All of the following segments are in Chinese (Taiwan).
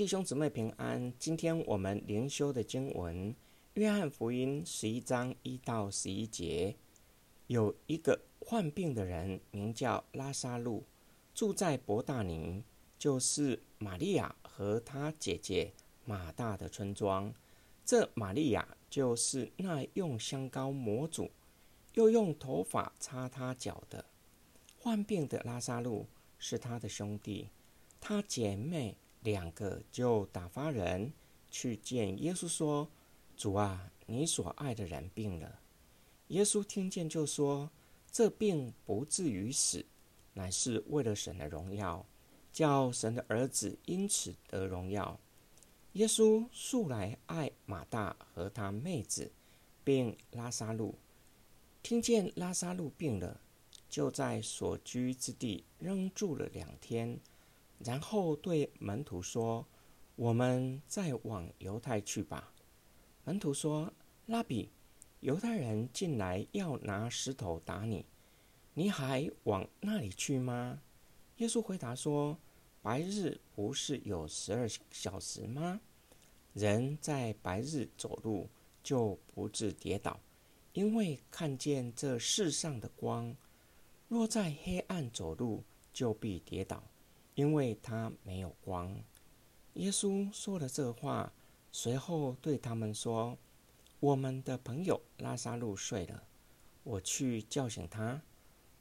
弟兄姊妹平安。今天我們靈修的經文《約翰福音》十一章一到十一節，有一個患病的人，名叫拉撒路，住在伯大尼，就是瑪利亞和她姐姐馬大的村莊。這瑪利亞就是那用香膏抹主，又用頭髮擦他腳的。患病的拉撒路是他的兄弟，他姐妹。兩個就打發人去見耶穌，說：“主啊，你所愛的人病了。”耶穌聽見就說：“這病不至於死，乃是為了神的榮耀，叫神的兒子因此得榮耀。”耶穌素來愛馬大和他妹子，並拉撒路，聽見拉撒路病了，就在所居之地仍住了兩天。然後對門徒說：“我們再往猶太去吧。”門徒說：“拉比，猶太人近來要拿石頭打你，你還往那裡去嗎？”耶穌回答說：“白日不是有十二小時嗎？人在白日走路就不致跌倒，因為看見這世上的光；若在黑暗走路，就必跌倒。”因為他沒有光。耶穌說了這話，隨後對他們說：“我們的朋友拉撒路睡了，我去叫醒他。”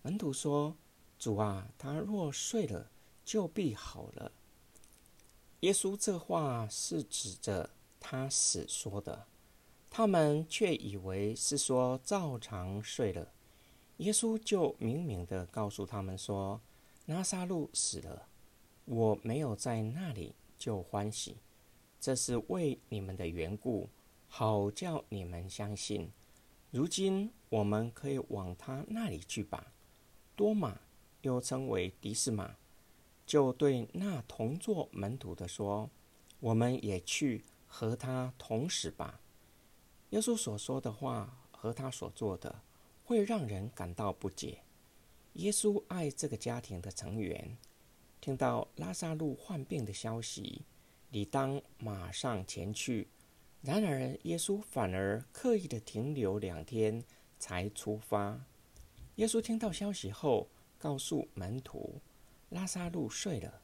門徒說：“主啊，他若睡了，就必好了。”耶穌這話是指着他死說的，他們卻以為是說照常睡了。耶穌就明明的告訴他們說：“拉撒路死了。”我沒有在那裡就歡喜，這是為你們的緣故，好叫你們相信。如今我們可以往他那裡去吧。多馬，又稱為迪斯馬，就對那同作門徒的說：“我們也去和他同死吧。”耶穌所說的話和他所做的，會讓人感到不解。耶穌愛這個家庭的成員。聽到拉撒路患病的消息，理當馬上前去。然而，耶穌反而刻意地停留兩天才出發。耶穌聽到消息後，告訴門徒：“拉撒路睡了，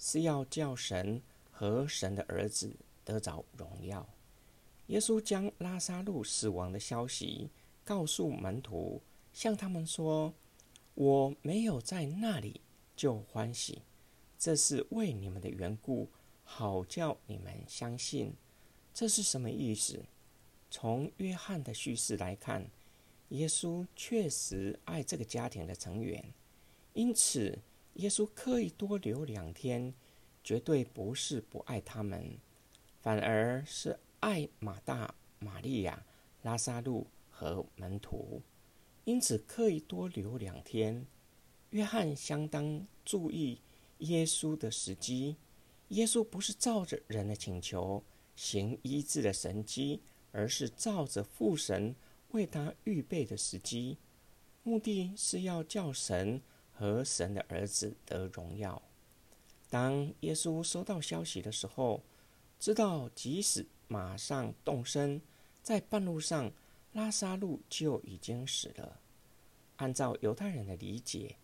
是要叫神和神的兒子得着榮耀。”耶穌將拉撒路死亡的消息告訴門徒，向他們說：“我沒有在那裡，就歡喜。”這是為你們的緣故，好叫你們相信，這是什麼意思？從約翰的敘事來看，耶穌確實愛這個家庭的成員，因此耶穌刻意多留兩天，絕對不是不愛他們，反而是愛馬大、瑪利亞、拉撒路和門徒，因此刻意多留兩天。約翰相當注意。耶穌的時機，耶穌不是照着人的請求行醫治的神蹟，而是照着父神為他預備的時機，目的是要叫神和神的兒子得榮耀。當耶穌收到消息的時候，知道即使馬上動身，在半路上，拉撒路就已經死了。按照猶太人的理解，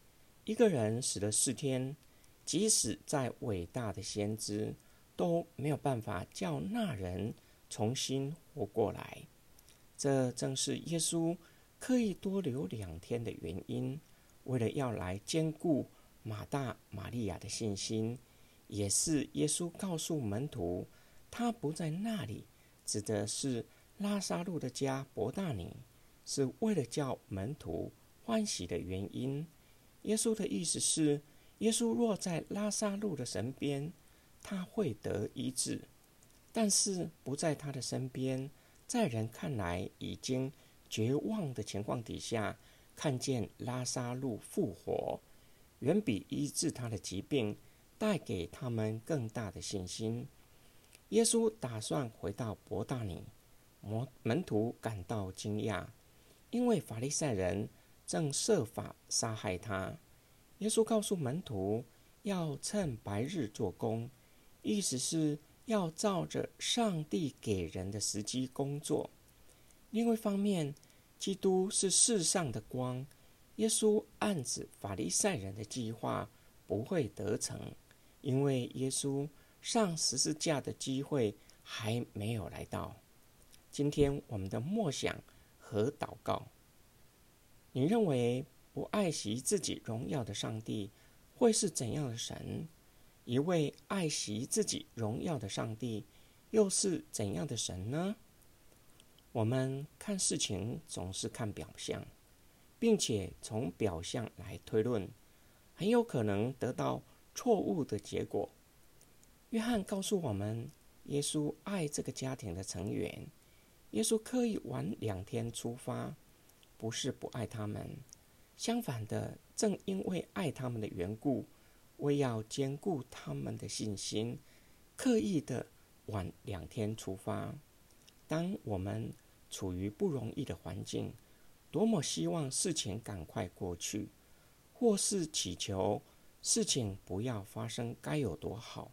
一個人死了四天。即使再偉大的先知，都沒有辦法叫那人重新活過來。這正是耶穌刻意多留兩天的原因，為了要來堅固馬大、瑪利亞的信心。也是耶穌告訴門徒他不在那裡，指的是拉撒路的家伯大尼，是為了叫門徒歡喜的原因。耶穌的意思是。耶穌若在拉撒路的身邊，他會得醫治；但是不在他的身邊，在人看來已經絕望的情況底下，看見拉撒路復活，遠比醫治他的疾病帶給他們更大的信心。耶穌打算回到伯大尼，門門徒感到驚訝，因為法利賽人正設法殺害他。耶穌告訴門徒要趁白日做工，意思是要照着上帝給人的時機工作。另外一方面，基督是世上的光。耶穌暗指法利賽人的計劃不會得逞，因為耶穌上十字架的機會還沒有來到。今天我們的默想和禱告，你認為，不愛惜自己榮耀的上帝會是怎樣的神？一位愛惜自己榮耀的上帝又是怎樣的神呢？我們看事情總是看表象，並且從表象來推論，很有可能得到錯誤的結果。約翰告訴我們，耶穌愛這個家庭的成員，耶穌刻意晚兩天出發，不是不愛他們。相反的，正因為愛他們的緣故，為要堅固他們的信心，刻意的晚兩天出發。當我們處於不容易的環境，多麼希望事情趕快過去，或是祈求事情不要發生，該有多好！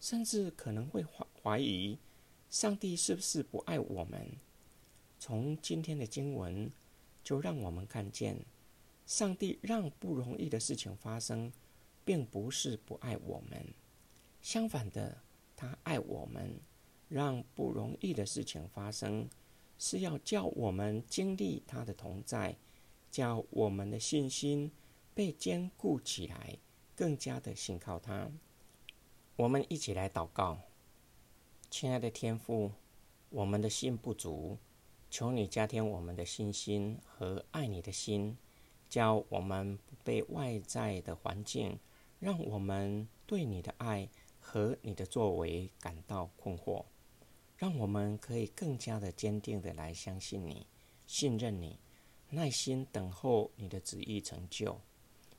甚至可能會懷懷疑，上帝是不是不愛我們？從今天的經文，就讓我們看見。上帝讓不容易的事情發生，並不是不愛我們，相反的，他愛我們，讓不容易的事情發生，是要叫我們經歷他的同在，叫我們的信心被堅固起來，更加的信靠他。我們一起來禱告，親愛的天父，我們的信不足，求你加添我們的信心和愛你的心。教我們不被外在的環境讓我們對你的愛和你的作為感到困惑，讓我們可以更加的堅定的來相信你、信任你，耐心等候你的旨意成就，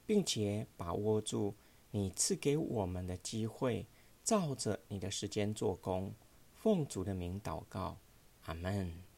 並且把握住你賜給我們的機會，照着你的時間做工。奉主的名禱告，阿門。